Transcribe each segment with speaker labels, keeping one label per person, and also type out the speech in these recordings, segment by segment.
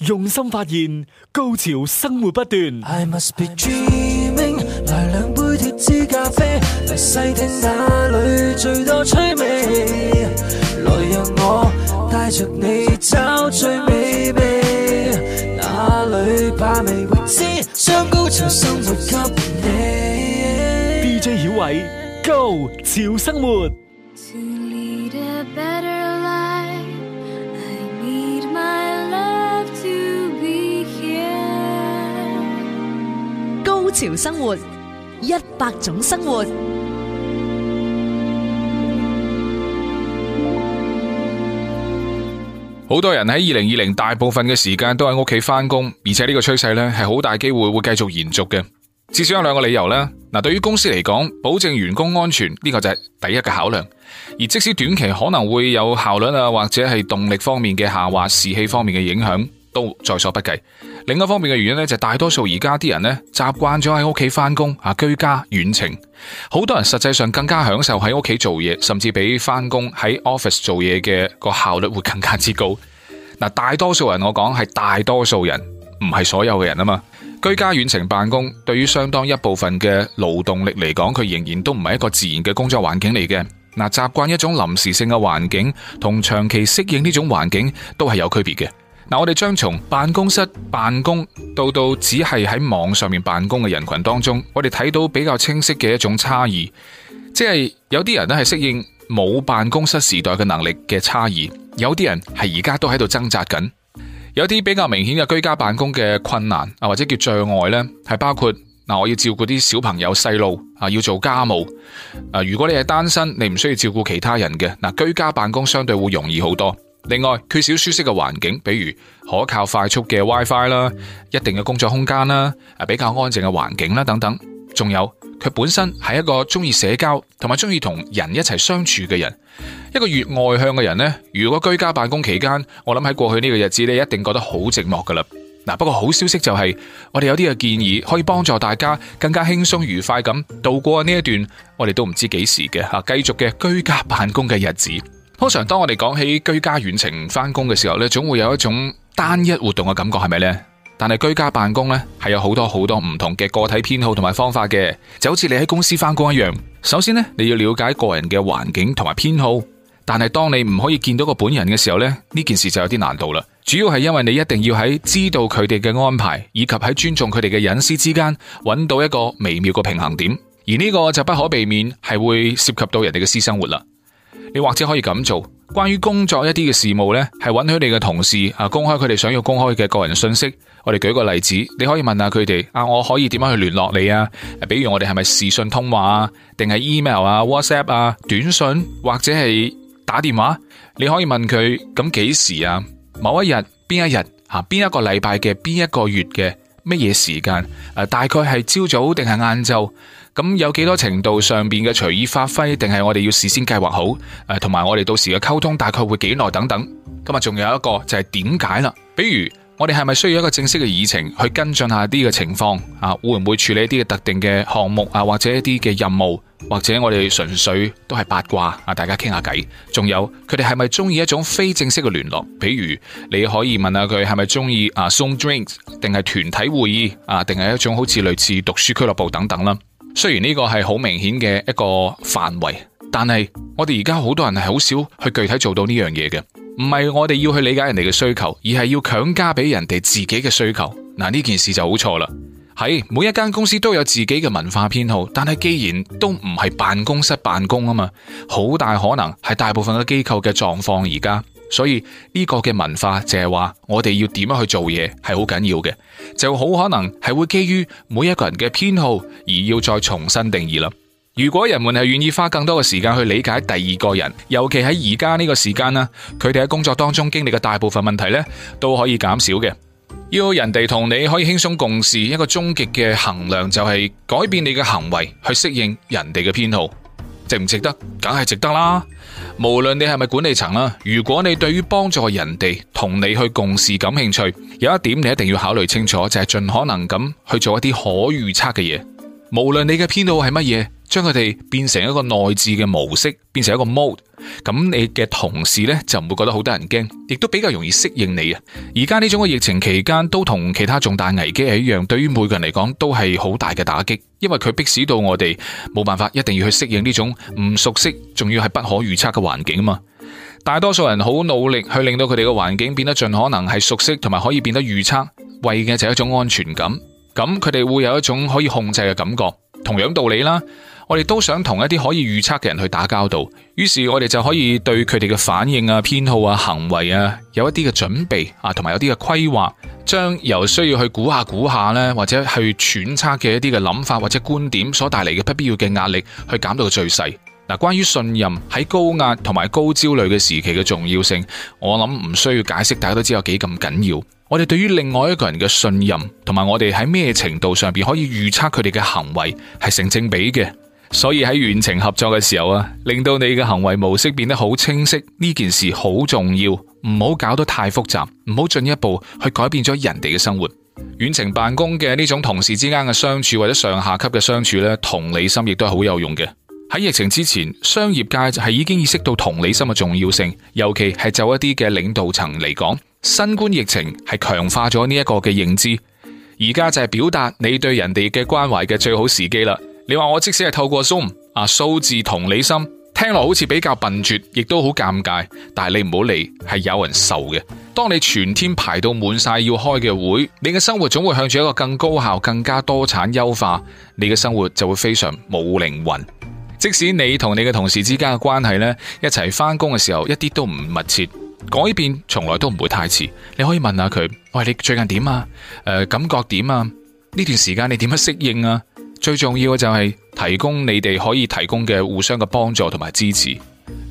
Speaker 1: 用心發現，高潮生活不斷。I must be dreaming, 來兩杯鐵汁咖啡，嚟細聽那裏最多趣味。來讓我帶着你找最美味，哪裏怕未知，將高潮生活給你。DJ 曉偉，Go 潮生活。潮生活，一百種生活。好多人喺二零二零大部分嘅時間都喺屋企返工，而且呢個趨勢呢係好大機會會繼續延續嘅。至少有兩個理由咧。嗱，對於公司嚟講，保證員工安全呢個就係第一嘅考量。而即使短期可能會有效率啊，或者係動力方面嘅下滑，士氣方面嘅影響，都在所不計。另一方面嘅原因咧，就大多數而家啲人咧，習慣咗喺屋企翻工啊，居家遠程，好多人實際上更加享受喺屋企做嘢，甚至比翻工喺 office 做嘢嘅個效率會更加之高。嗱，大多數人我講係大多數人，唔係所有嘅人啊嘛。居家遠程辦公對於相當一部分嘅勞動力嚟講，佢仍然都唔係一個自然嘅工作環境嚟嘅。嗱，習慣一種臨時性嘅環境，同長期適應呢種環境都係有區別嘅。嗱，我哋將從辦公室辦公到到只係喺網上面辦公嘅人群當中，我哋睇到比較清晰嘅一種差異，即係有啲人咧係適應冇辦公室時代嘅能力嘅差異，有啲人係而家都喺度掙扎緊，有啲比較明顯嘅居家辦公嘅困難啊或者叫障礙呢係包括，嗱，我要照顧啲小朋友細路啊，要做家務啊。如果你係單身，你唔需要照顧其他人嘅，嗱，居家辦公相對會容易好多。另外，缺少舒適嘅環境，比如可靠快速嘅 WiFi 啦，Fi, 一定嘅工作空間啦，啊，比較安靜嘅環境啦等等，仲有佢本身係一個中意社交同埋中意同人一齊相處嘅人，一個越外向嘅人咧，如果居家辦公期間，我諗喺過去呢個日子咧，一定覺得好寂寞噶啦。嗱，不過好消息就係、是、我哋有啲嘅建議可以幫助大家更加輕鬆愉快咁度過呢一段，我哋都唔知幾時嘅吓，繼續嘅居家辦公嘅日子。通常當我哋講起居家遠程翻工嘅時候呢，總會有一種單一活動嘅感覺，係咪呢？但係居家辦公呢，係有好多好多唔同嘅個體偏好同埋方法嘅，就好似你喺公司翻工一樣。首先呢，你要了解個人嘅環境同埋偏好，但係當你唔可以見到個本人嘅時候呢，呢件事就有啲難度啦。主要係因為你一定要喺知道佢哋嘅安排以及喺尊重佢哋嘅隱私之間，揾到一個微妙嘅平衡點，而呢個就不可避免係會涉及到人哋嘅私生活啦。你或者可以咁做，關於工作一啲嘅事務呢，係允許你嘅同事啊公開佢哋想要公開嘅個人信息。我哋舉個例子，你可以問下佢哋啊，我可以點樣去聯絡你啊？比如我哋係咪視訊通話啊，定係 email 啊、WhatsApp 啊、短信、啊、或者係打電話？你可以問佢，咁幾時啊？某一日，邊一日啊？邊一個禮拜嘅邊一個月嘅乜嘢時間？誒，大概係朝早定係晏晝？咁有幾多程度上邊嘅隨意發揮，定係我哋要事先計劃好？誒，同埋我哋到時嘅溝通大概會幾耐？等等。咁啊，仲有一個就係點解啦？比如我哋係咪需要一個正式嘅議程去跟進下啲嘅情況啊？會唔會處理一啲嘅特定嘅項目啊？或者一啲嘅任務，或者我哋純粹都係八卦啊？大家傾下偈。仲有佢哋係咪中意一種非正式嘅聯絡？比如你可以問下佢係咪中意啊 Zoom drinks，定係團體會議啊？定係一種好似類似讀書俱樂部等等啦。雖然呢個係好明顯嘅一個範圍，但係我哋而家好多人係好少去具體做到呢樣嘢嘅。唔係我哋要去理解人哋嘅需求，而係要強加俾人哋自己嘅需求。嗱、啊、呢件事就好錯啦。係，每一間公司都有自己嘅文化偏好，但係既然都唔係辦公室辦公啊嘛，好大可能係大部分嘅機構嘅狀況而家。所以呢個嘅文化就係話，我哋要點樣去做嘢係好緊要嘅，就好可能係會基於每一個人嘅偏好而要再重新定義啦。如果人們係願意花更多嘅時間去理解第二個人，尤其喺而家呢個時間啦，佢哋喺工作當中經歷嘅大部分問題咧都可以減少嘅。要人哋同你可以輕鬆共事，一個終極嘅衡量就係改變你嘅行為去適應人哋嘅偏好。值唔值得，梗係值得啦。無論你係咪管理層啦，如果你對於幫助人哋同你去共事感興趣，有一點你一定要考慮清楚，就係盡可能咁去做一啲可預測嘅嘢。無論你嘅編號係乜嘢，將佢哋變成一個內置嘅模式，變成一個 mode。咁你嘅同事呢，就唔會覺得好得人驚，亦都比較容易適應你啊！而家呢種嘅疫情期間都同其他重大危機係一樣，對於每個人嚟講都係好大嘅打擊，因為佢迫使到我哋冇辦法一定要去適應呢種唔熟悉，仲要係不可預測嘅環境啊嘛！大多數人好努力去令到佢哋嘅環境變得盡可能係熟悉，同埋可以變得預測，為嘅就係一種安全感。咁佢哋會有一種可以控制嘅感覺。同樣道理啦。我哋都想同一啲可以預測嘅人去打交道，於是我哋就可以對佢哋嘅反應啊、偏好啊、行為啊，有一啲嘅準備啊，同埋有啲嘅規劃，將由需要去估下估下咧，或者去揣測嘅一啲嘅諗法或者觀點所帶嚟嘅不必要嘅壓力，去減到最細。嗱、啊，關於信任喺高壓同埋高焦慮嘅時期嘅重要性，我諗唔需要解釋，大家都知道有幾咁緊要。我哋對於另外一個人嘅信任，同埋我哋喺咩程度上邊可以預測佢哋嘅行為，係成正正比嘅。所以喺遠程合作嘅時候啊，令到你嘅行為模式變得好清晰，呢件事好重要，唔好搞得太複雜，唔好進一步去改變咗人哋嘅生活。遠程辦公嘅呢種同事之間嘅相處或者上下級嘅相處咧，同理心亦都係好有用嘅。喺疫情之前，商業界係已經意識到同理心嘅重要性，尤其係就一啲嘅領導層嚟講，新冠疫情係強化咗呢一個嘅認知。而家就係表達你對人哋嘅關懷嘅最好時機啦。你話我即使係透過 Zoom 啊，數字同理心聽落好似比較笨拙，亦都好尷尬。但係你唔好理，係有人受嘅。當你全天排到滿晒要開嘅會，你嘅生活總會向住一個更高效、更加多產優化，你嘅生活就會非常冇靈魂。即使你同你嘅同事之間嘅關係呢，一齊翻工嘅時候一啲都唔密切，改變從來都唔會太遲。你可以問下佢，喂，你最近點啊？誒、呃、感覺點啊？呢段時間你點樣適應啊？最重要嘅就係提供你哋可以提供嘅互相嘅幫助同埋支持。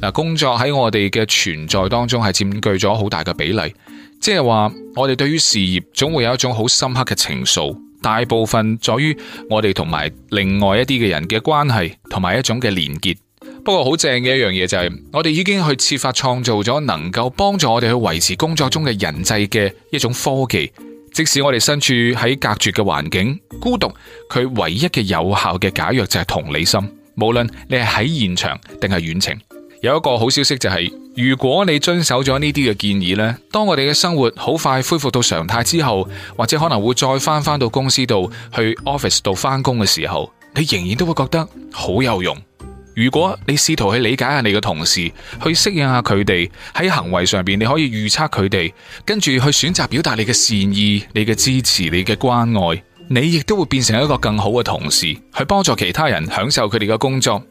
Speaker 1: 嗱，工作喺我哋嘅存在當中係佔據咗好大嘅比例，即係話我哋對於事業總會有一種好深刻嘅情愫，大部分在於我哋同埋另外一啲嘅人嘅關係同埋一種嘅連結。不過好正嘅一樣嘢就係，我哋已經去設法創造咗能夠幫助我哋去維持工作中嘅人際嘅一種科技。即使我哋身處喺隔絕嘅環境、孤獨，佢唯一嘅有效嘅解藥就係同理心。無論你係喺現場定係遠程，有一個好消息就係、是，如果你遵守咗呢啲嘅建議咧，當我哋嘅生活好快恢復到常態之後，或者可能會再返返到公司度去 office 度返工嘅時候，你仍然都會覺得好有用。如果你試圖去理解下你嘅同事，去適應下佢哋喺行為上邊，你可以預測佢哋，跟住去選擇表達你嘅善意、你嘅支持、你嘅關愛，你亦都會變成一個更好嘅同事，去幫助其他人享受佢哋嘅工作。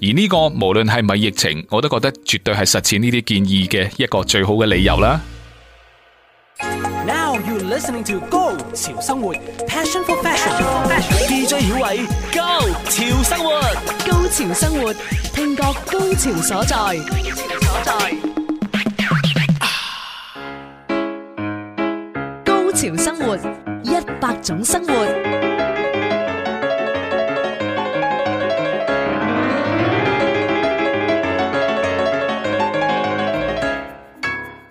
Speaker 1: 而呢個無論係咪疫情，我都覺得絕對係實踐呢啲建議嘅一個最好嘅理由啦。Now you listening to Go 潮生活，Passion for Fashion，DJ 曉偉。潮生活，高潮生活，聽覺高潮所在，高潮所在，高潮生活，一百種生活。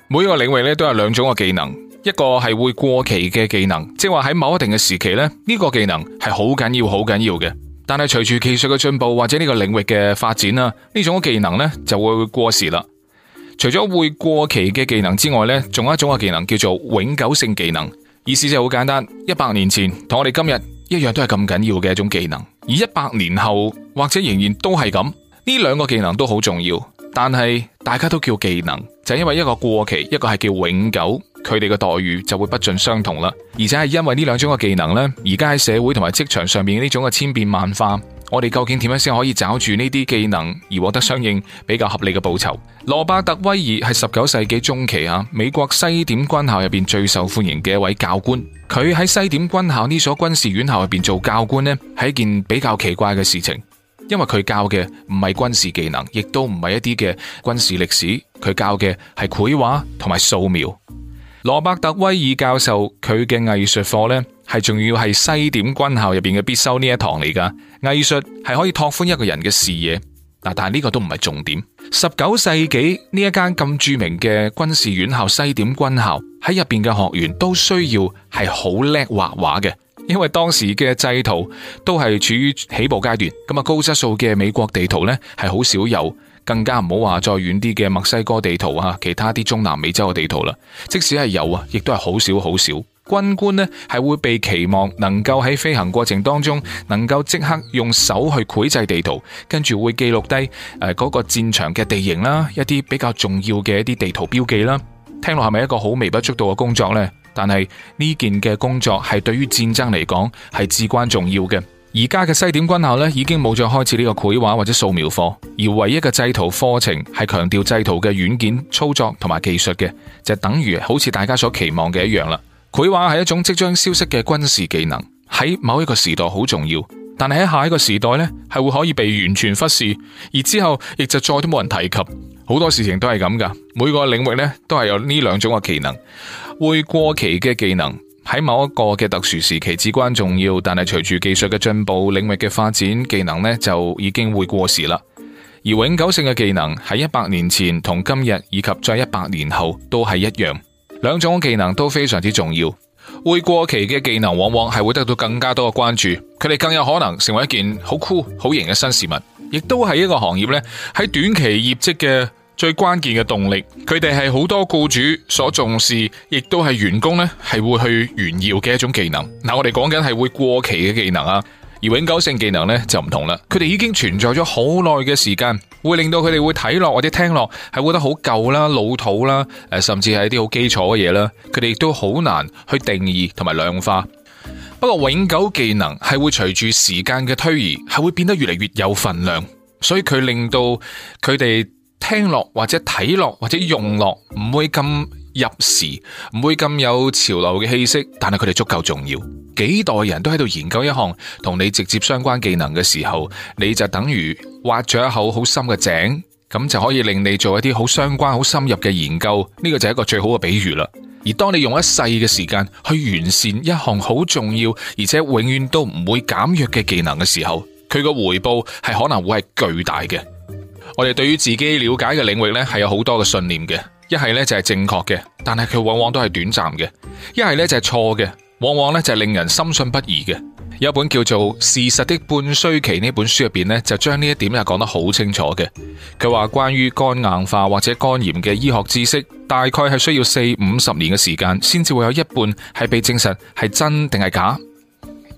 Speaker 1: 每一個領域咧都有兩種嘅技能，一個係會過期嘅技能，即係話喺某一定嘅時期咧，呢個技能係好緊要，好緊要嘅。但係隨住技術嘅進步或者呢個領域嘅發展啦，呢種技能咧就會過時啦。除咗會過期嘅技能之外咧，仲有一種嘅技能叫做永久性技能。意思就好簡單，一百年前同我哋今日一樣都係咁緊要嘅一種技能。而一百年後或者仍然都係咁，呢兩個技能都好重要。但係大家都叫技能，就係因為一個過期，一個係叫永久。佢哋嘅待遇就會不盡相同啦，而且係因為呢兩種嘅技能呢，而家喺社會同埋職場上面呢種嘅千變萬化，我哋究竟點樣先可以找住呢啲技能而獲得相應比較合理嘅報酬？羅伯特威爾係十九世紀中期啊，美國西點軍校入邊最受歡迎嘅一位教官。佢喺西點軍校呢所軍事院校入邊做教官呢，係一件比較奇怪嘅事情，因為佢教嘅唔係軍事技能，亦都唔係一啲嘅軍事歷史，佢教嘅係繪畫同埋素描。羅伯特威爾教授佢嘅藝術課咧，係仲要係西點軍校入邊嘅必修呢一堂嚟㗎。藝術係可以拓寬一個人嘅視野嗱，但係呢個都唔係重點。十九世紀呢一間咁著名嘅軍事院校西點軍校喺入邊嘅學員都需要係好叻畫畫嘅，因為當時嘅製圖都係處於起步階段，咁啊高質素嘅美國地圖咧係好少有。更加唔好話再遠啲嘅墨西哥地圖吓，啊，其他啲中南美洲嘅地圖啦，即使係有啊，亦都係好少好少。軍官呢係會被期望能夠喺飛行過程當中，能夠即刻用手去繪製地圖，跟住會記錄低誒嗰個戰場嘅地形啦，一啲比較重要嘅一啲地圖標記啦。聽落係咪一個好微不足道嘅工作呢？但係呢件嘅工作係對於戰爭嚟講係至關重要嘅。而家嘅西點軍校咧，已經冇再開始呢個繪畫或者素描課，而唯一嘅製圖課程係強調製圖嘅軟件操作同埋技術嘅，就等於好似大家所期望嘅一樣啦。繪畫係一種即將消失嘅軍事技能，喺某一個時代好重要，但係喺下一個時代咧，係會可以被完全忽視，而之後亦就再都冇人提及。好多事情都係咁噶，每個領域咧都係有呢兩種嘅技能，會過期嘅技能，喺某一個嘅特殊時期至關重要，但係隨住技術嘅進步、領域嘅發展，技能呢就已經會過時啦。而永久性嘅技能喺一百年前同今日以及再一百年後都係一樣。兩種技能都非常之重要。會過期嘅技能往往係會得到更加多嘅關注，佢哋更有可能成為一件好酷好型嘅新事物，亦都係一個行業呢喺短期業績嘅最關鍵嘅動力，佢哋係好多僱主所重視，亦都係員工呢係會去炫耀嘅一種技能。嗱，我哋講緊係會過期嘅技能啊，而永久性技能呢就唔同啦。佢哋已經存在咗好耐嘅時間，會令到佢哋會睇落或者聽落係覺得好舊啦、老土啦，誒，甚至係一啲好基礎嘅嘢啦。佢哋亦都好難去定義同埋量化。不過永久技能係會隨住時間嘅推移，係會變得越嚟越有份量，所以佢令到佢哋。聽落或者睇落或者用落唔會咁入時，唔會咁有潮流嘅氣息，但係佢哋足夠重要。幾代人都喺度研究一項同你直接相關技能嘅時候，你就等於挖咗一口好深嘅井，咁就可以令你做一啲好相關、好深入嘅研究。呢個就係一個最好嘅比喻啦。而當你用一世嘅時間去完善一項好重要而且永遠都唔會減弱嘅技能嘅時候，佢個回報係可能會係巨大嘅。我哋對於自己了解嘅領域咧，係有好多嘅信念嘅。一係咧就係正確嘅，但係佢往往都係短暫嘅；一係咧就係錯嘅，往往咧就係令人深信不疑嘅。有一本叫做《事實的半衰期》呢本書入邊咧，就將呢一點咧講得好清楚嘅。佢話關於肝硬化或者肝炎嘅醫學知識，大概係需要四五十年嘅時間，先至會有一半係被證實係真定係假。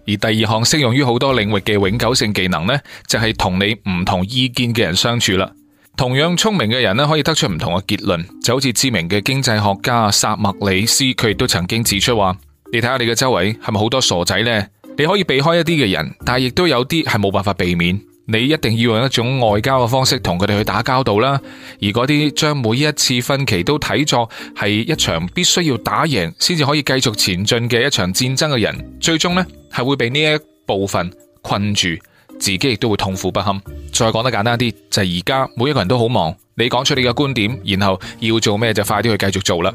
Speaker 1: 而第二項適用於好多領域嘅永久性技能呢，就係同你唔同意見嘅人相處啦。同樣聰明嘅人呢，可以得出唔同嘅結論，就好似知名嘅經濟學家薩默里斯，佢亦都曾經指出話：你睇下你嘅周圍係咪好多傻仔呢？你可以避開一啲嘅人，但係亦都有啲係冇辦法避免。你一定要用一種外交嘅方式同佢哋去打交道啦，而嗰啲將每一次分歧都睇作係一場必須要打贏先至可以繼續前進嘅一場戰爭嘅人，最終咧，係會被呢一部分困住，自己亦都會痛苦不堪。再講得簡單啲，就係而家每一個人都好忙，你講出你嘅觀點，然後要做咩就快啲去繼續做啦。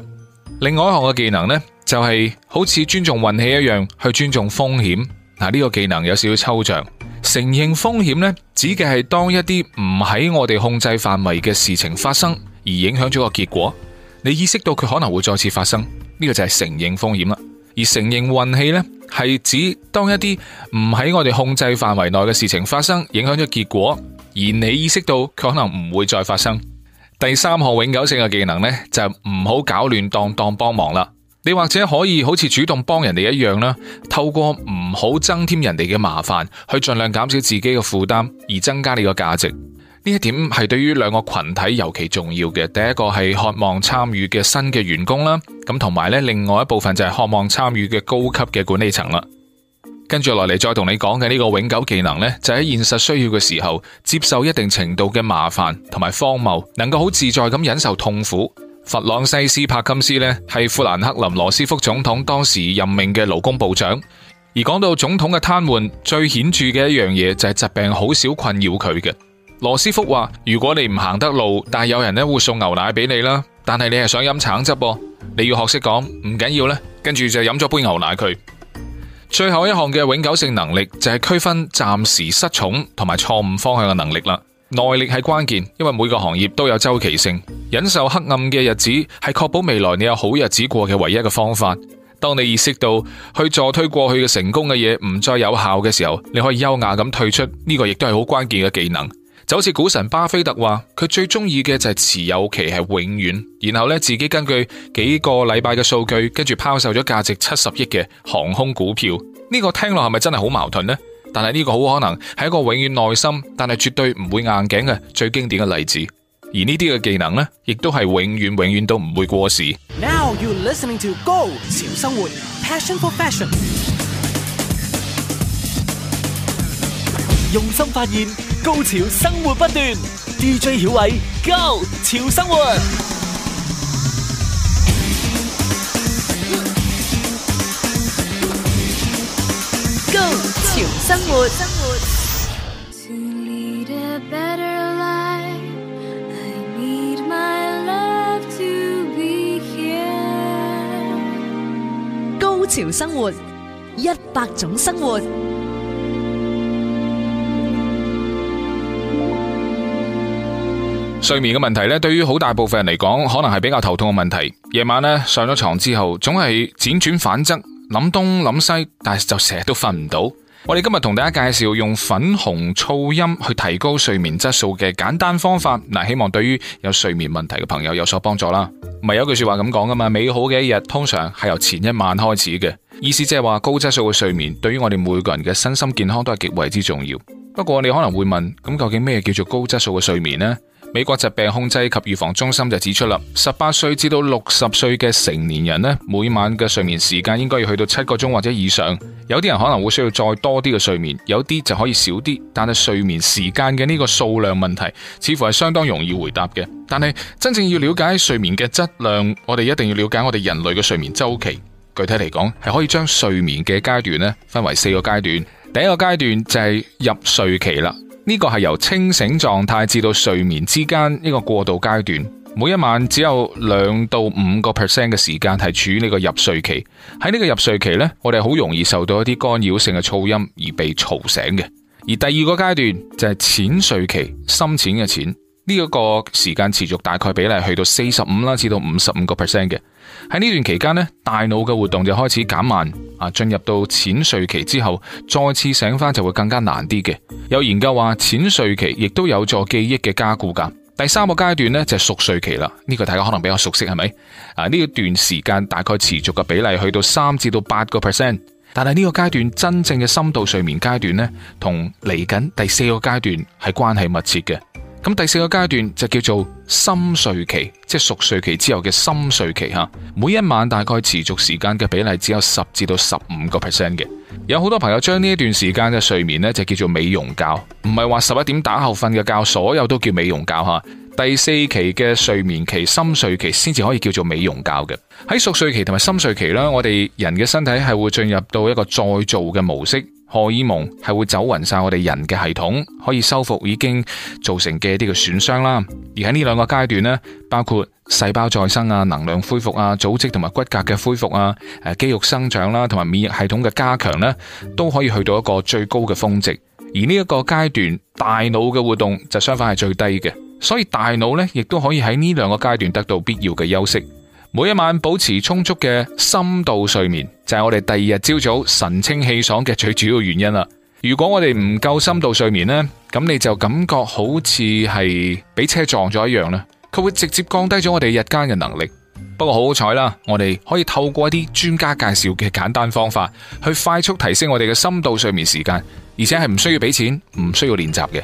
Speaker 1: 另外一項嘅技能咧，就係好似尊重運氣一樣去尊重風險。嗱，呢個技能有少少抽象。承認風險呢，指嘅係當一啲唔喺我哋控制範圍嘅事情發生而影響咗個結果，你意識到佢可能會再次發生，呢個就係承認風險啦。而承認運氣呢，係指當一啲唔喺我哋控制範圍內嘅事情發生影響咗結果，而你意識到佢可能唔會再發生。第三項永久性嘅技能呢，就唔好搞亂當當幫忙啦。你或者可以好似主動幫人哋一樣啦，透過唔好增添人哋嘅麻煩，去盡量減少自己嘅負擔，而增加你個價值。呢一點係對於兩個群體尤其重要嘅。第一個係渴望參與嘅新嘅員工啦，咁同埋咧，另外一部分就係渴望參與嘅高級嘅管理層啦。跟住落嚟再同你講嘅呢個永久技能咧，就喺現實需要嘅時候，接受一定程度嘅麻煩同埋荒謬，能夠好自在咁忍受痛苦。弗朗西斯帕金斯咧係富蘭克林羅斯福總統當時任命嘅勞工部長，而講到總統嘅癱瘓，最顯著嘅一樣嘢，就係疾病好少困擾佢嘅。羅斯福話：如果你唔行得路，但係有人咧會送牛奶俾你啦，但係你係想飲橙汁噃，你要學識講唔緊要呢，跟住就飲咗杯牛奶佢。最後一項嘅永久性能力就係區分暫時失重同埋錯誤方向嘅能力啦。耐力係關鍵，因為每個行業都有周期性。忍受黑暗嘅日子係確保未來你有好日子過嘅唯一嘅方法。當你意識到去助推過去嘅成功嘅嘢唔再有效嘅時候，你可以優雅咁退出。呢個亦都係好關鍵嘅技能。就好似股神巴菲特話，佢最鍾意嘅就係持有期係永遠，然後咧自己根據幾個禮拜嘅數據，跟住拋售咗價值七十億嘅航空股票。呢個聽落係咪真係好矛盾呢？但係呢個好可能係一個永遠耐心，但係絕對唔會硬頸嘅最經典嘅例子。而呢啲嘅技能咧，亦都係永遠永遠都唔會過時。Now you're listening to Go 潮生活，Passion for Fashion，用心發現，高潮生活不斷。DJ 曉偉，Go 潮生活，Go。潮生活，高潮生活，一百種生活。睡眠嘅問題呢，對於好大部分人嚟講，可能係比較頭痛嘅問題。夜晚呢，上咗床之後，總係輾轉反側，諗東諗西，但係就成日都瞓唔到。我哋今日同大家介紹用粉紅噪音去提高睡眠質素嘅簡單方法，嗱，希望對於有睡眠問題嘅朋友有所幫助啦。咪有句說話咁講噶嘛，美好嘅一日通常係由前一晚開始嘅，意思即係話高質素嘅睡眠對於我哋每個人嘅身心健康都係極為之重要。不過你可能會問，咁究竟咩叫做高質素嘅睡眠呢？美國疾病控制及預防中心就指出啦，十八歲至到六十歲嘅成年人呢，每晚嘅睡眠時間應該要去到七個鐘或者以上。有啲人可能會需要再多啲嘅睡眠，有啲就可以少啲。但係睡眠時間嘅呢個數量問題，似乎係相當容易回答嘅。但係真正要了解睡眠嘅質量，我哋一定要了解我哋人類嘅睡眠周期。具體嚟講，係可以將睡眠嘅階段呢分為四個階段。第一個階段就係入睡期啦。呢個係由清醒狀態至到睡眠之間一個過渡階段，每一晚只有兩到五個 percent 嘅時間係處於呢個入睡期。喺呢個入睡期呢，我哋好容易受到一啲干擾性嘅噪音而被吵醒嘅。而第二個階段就係淺睡期，深淺嘅淺，呢一個時間持續大概比例去到四十五啦，至到五十五個 percent 嘅。喺呢段期間呢大腦嘅活動就開始減慢，啊，進入到淺睡期之後，再次醒返就會更加難啲嘅。有研究話，淺睡期亦都有助記憶嘅加固㗎。第三個階段呢，就係熟睡期啦，呢個大家可能比較熟悉係咪？啊，呢段時間大概持續嘅比例去到三至到八個 percent，但係呢個階段真正嘅深度睡眠階段呢，同嚟緊第四個階段係關係密切嘅。咁第四個階段就叫做深睡期，即係熟睡期之後嘅深睡期嚇。每一晚大概持續時間嘅比例只有十至到十五個 percent 嘅。有好多朋友將呢一段時間嘅睡眠呢就叫做美容覺，唔係話十一點打後瞓嘅覺，所有都叫美容覺嚇。第四期嘅睡眠期、深睡期先至可以叫做美容覺嘅。喺熟睡期同埋深睡期咧，我哋人嘅身體係會進入到一個再造嘅模式。荷爾蒙係會走匀晒我哋人嘅系統，可以修復已經造成嘅一啲嘅損傷啦。而喺呢兩個階段咧，包括細胞再生啊、能量恢復啊、組織同埋骨骼嘅恢復啊、誒肌肉生長啦，同埋免疫系統嘅加強咧，都可以去到一個最高嘅峰值。而呢一個階段，大腦嘅活動就相反係最低嘅，所以大腦呢亦都可以喺呢兩個階段得到必要嘅休息。每一晚保持充足嘅深度睡眠，就係我哋第二日朝早神清氣爽嘅最主要原因啦。如果我哋唔夠深度睡眠呢，咁你就感覺好似係俾車撞咗一樣啦。佢會直接降低咗我哋日間嘅能力。不過好好彩啦，我哋可以透過一啲專家介紹嘅簡單方法，去快速提升我哋嘅深度睡眠時間，而且係唔需要俾錢，唔需要練習嘅。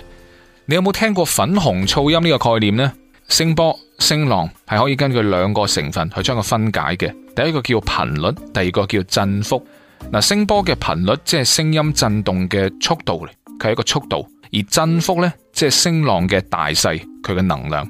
Speaker 1: 你有冇聽過粉紅噪音呢個概念呢？聲波。聲浪係可以根據兩個成分去將佢分解嘅，第一個叫頻率，第二個叫振幅。嗱，聲波嘅頻率即係聲音震動嘅速度咧，佢係一個速度；而振幅呢，即係聲浪嘅大細，佢嘅能量。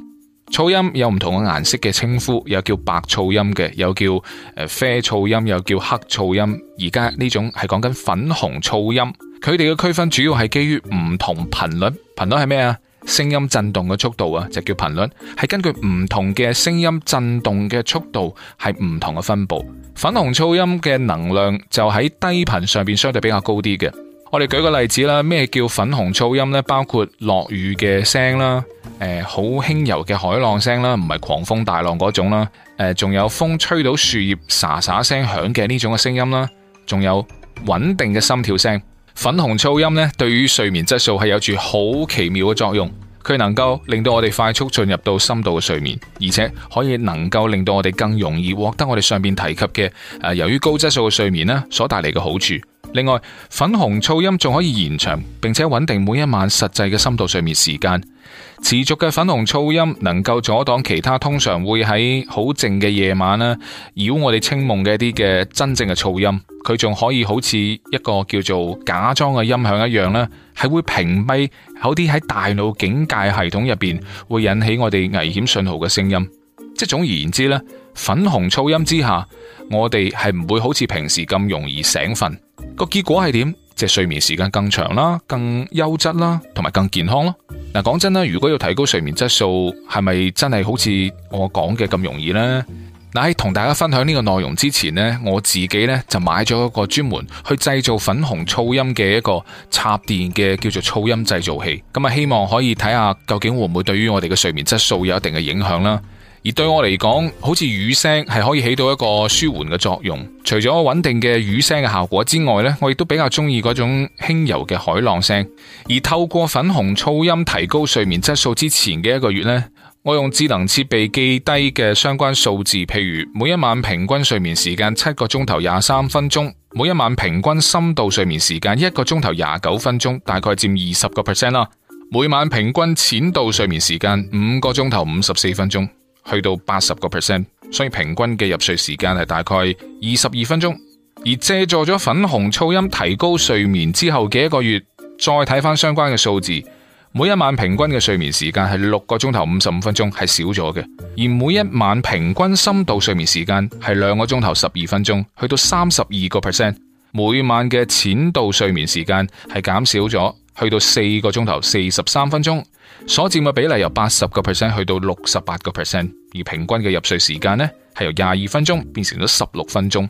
Speaker 1: 噪音有唔同嘅顏色嘅稱呼，有叫白噪音嘅，有叫啡噪音，又叫黑噪音。而家呢種係講緊粉紅噪音，佢哋嘅區分主要係基於唔同頻率。頻率係咩啊？聲音震動嘅速度啊，就叫頻率，係根據唔同嘅聲音震動嘅速度，係唔同嘅分佈。粉紅噪音嘅能量就喺低頻上邊相對比較高啲嘅。我哋舉個例子啦，咩叫粉紅噪音呢？包括落雨嘅聲啦，誒、呃，好輕柔嘅海浪聲啦，唔係狂風大浪嗰種啦，誒、呃，仲有風吹到樹葉沙沙聲響嘅呢種嘅聲音啦，仲有穩定嘅心跳聲。粉紅噪音呢，對於睡眠質素係有住好奇妙嘅作用，佢能夠令到我哋快速進入到深度嘅睡眠，而且可以能夠令到我哋更容易獲得我哋上面提及嘅由於高質素嘅睡眠啦，所帶嚟嘅好處。另外，粉紅噪音仲可以延長並且穩定每一晚實際嘅深度睡眠時間。持續嘅粉紅噪音能夠阻擋其他通常會喺好靜嘅夜晚，呢擾我哋清夢嘅一啲嘅真正嘅噪音。佢仲可以好似一個叫做假裝嘅音響一樣，呢係會屏蔽有啲喺大腦警戒系統入邊會引起我哋危險信號嘅聲音。即係總而言之，呢粉紅噪音之下，我哋係唔會好似平時咁容易醒瞓。個結果係點？即係睡眠時間更長啦，更優質啦，同埋更健康咯。嗱，講真啦，如果要提高睡眠質素，係咪真係好似我講嘅咁容易呢？嗱，喺同大家分享呢個內容之前呢，我自己呢，就買咗一個專門去製造粉紅噪音嘅一個插電嘅叫做噪音製造器，咁啊希望可以睇下究竟會唔會對於我哋嘅睡眠質素有一定嘅影響啦。而對我嚟講，好似雨聲係可以起到一個舒緩嘅作用。除咗穩定嘅雨聲嘅效果之外呢，我亦都比較中意嗰種輕柔嘅海浪聲。而透過粉紅噪音提高睡眠質素之前嘅一個月呢，我用智能設備記低嘅相關數字，譬如每一晚平均睡眠時間七個鐘頭廿三分鐘，每一晚平均深度睡眠時間一個鐘頭廿九分鐘，大概佔二十個 percent 啦。每晚平均淺度睡眠時間五個鐘頭五十四分鐘。去到八十個 percent，所以平均嘅入睡時間係大概二十二分鐘。而借助咗粉紅噪音提高睡眠之後嘅一個月，再睇翻相關嘅數字，每一晚平均嘅睡眠時間係六個鐘頭五十五分鐘，係少咗嘅。而每一晚平均深度睡眠時間係兩個鐘頭十二分鐘，去到三十二個 percent。每晚嘅淺度睡眠時間係減少咗，去到四個鐘頭四十三分鐘。所佔嘅比例由八十個 percent 去到六十八個 percent，而平均嘅入睡時間呢係由廿二分鐘變成咗十六分鐘。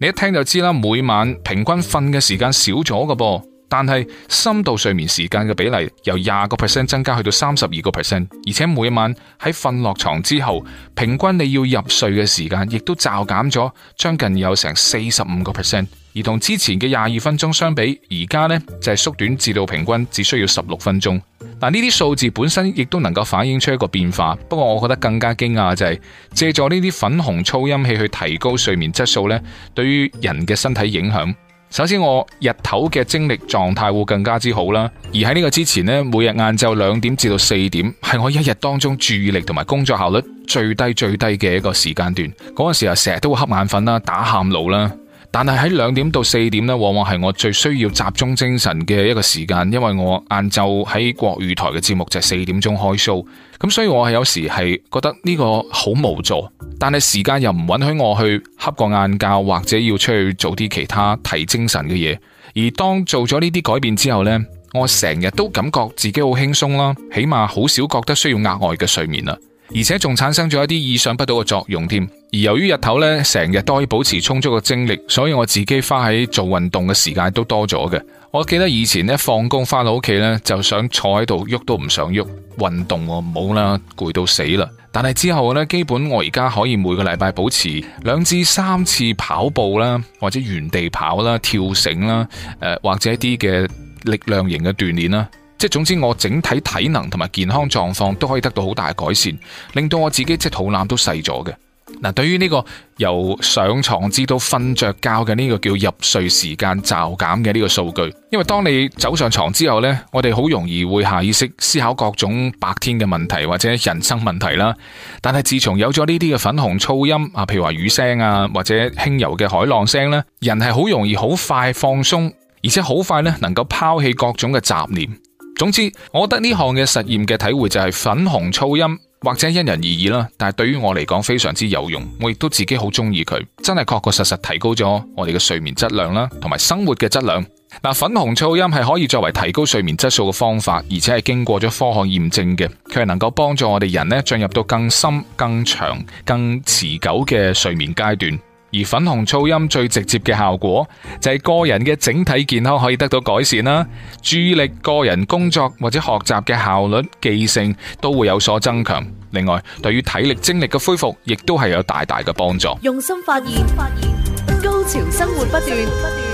Speaker 1: 你一聽就知啦，每晚平均瞓嘅時間少咗㗎噃。但係深度睡眠時間嘅比例由廿個 percent 增加去到三十二個 percent，而且每晚喺瞓落床之後，平均你要入睡嘅時間亦都驟減咗，將近有成四十五個 percent。而同之前嘅廿二分鐘相比，而家呢就係、是、縮短至到平均只需要十六分鐘。但呢啲數字本身亦都能夠反映出一個變化。不過，我覺得更加驚訝就係、是、借助呢啲粉紅噪音器去提高睡眠質素呢，對於人嘅身體影響。首先我，我日頭嘅精力狀態會更加之好啦。而喺呢個之前呢，每日晏晝兩點至到四點係我一日當中注意力同埋工作效率最低最低嘅一個時間段。嗰、那、陣、個、時候啊，成日都會瞌眼瞓啦，打喊路啦。但係喺兩點到四點咧，往往係我最需要集中精神嘅一個時間，因為我晏晝喺國語台嘅節目就四點鐘開 show，咁所以我係有時係覺得呢個好無助，但係時間又唔允許我去瞌個眼覺或者要出去做啲其他提精神嘅嘢。而當做咗呢啲改變之後呢，我成日都感覺自己好輕鬆啦，起碼好少覺得需要額外嘅睡眠啦。而且仲產生咗一啲意想不到嘅作用添。而由於日頭咧，成日都可以保持充足嘅精力，所以我自己花喺做運動嘅時間都多咗嘅。我記得以前一放工翻到屋企咧，就想坐喺度喐都唔想喐，運動我唔好啦，攰到死啦。但係之後咧，基本我而家可以每個禮拜保持兩至三次跑步啦，或者原地跑啦、跳繩啦，誒、呃、或者一啲嘅力量型嘅鍛煉啦。即係，總之我整體體能同埋健康狀況都可以得到好大改善，令到我自己即肚腩都細咗嘅嗱。對於呢個由上床至到瞓着覺嘅呢個叫入睡時間驟減嘅呢個數據，因為當你走上床之後呢，我哋好容易會下意識思考各種白天嘅問題或者人生問題啦。但係自從有咗呢啲嘅粉紅噪音啊，譬如話雨聲啊或者輕柔嘅海浪聲呢，人係好容易好快放鬆，而且好快呢能夠拋棄各種嘅雜念。總之，我覺得呢項嘅實驗嘅體會就係粉紅噪音或者因人而異啦。但係對於我嚟講非常之有用，我亦都自己好中意佢，真係確確實實提高咗我哋嘅睡眠質量啦，同埋生活嘅質量。嗱，粉紅噪音係可以作為提高睡眠質素嘅方法，而且係經過咗科學驗證嘅，佢係能夠幫助我哋人呢進入到更深、更長、更持久嘅睡眠階段。而粉紅噪音最直接嘅效果就係個人嘅整體健康可以得到改善啦，注意力、個人工作或者學習嘅效率、記性都會有所增強。另外，對於體力精力嘅恢復亦都係有大大嘅幫助。用心發現，發現高潮生活不斷。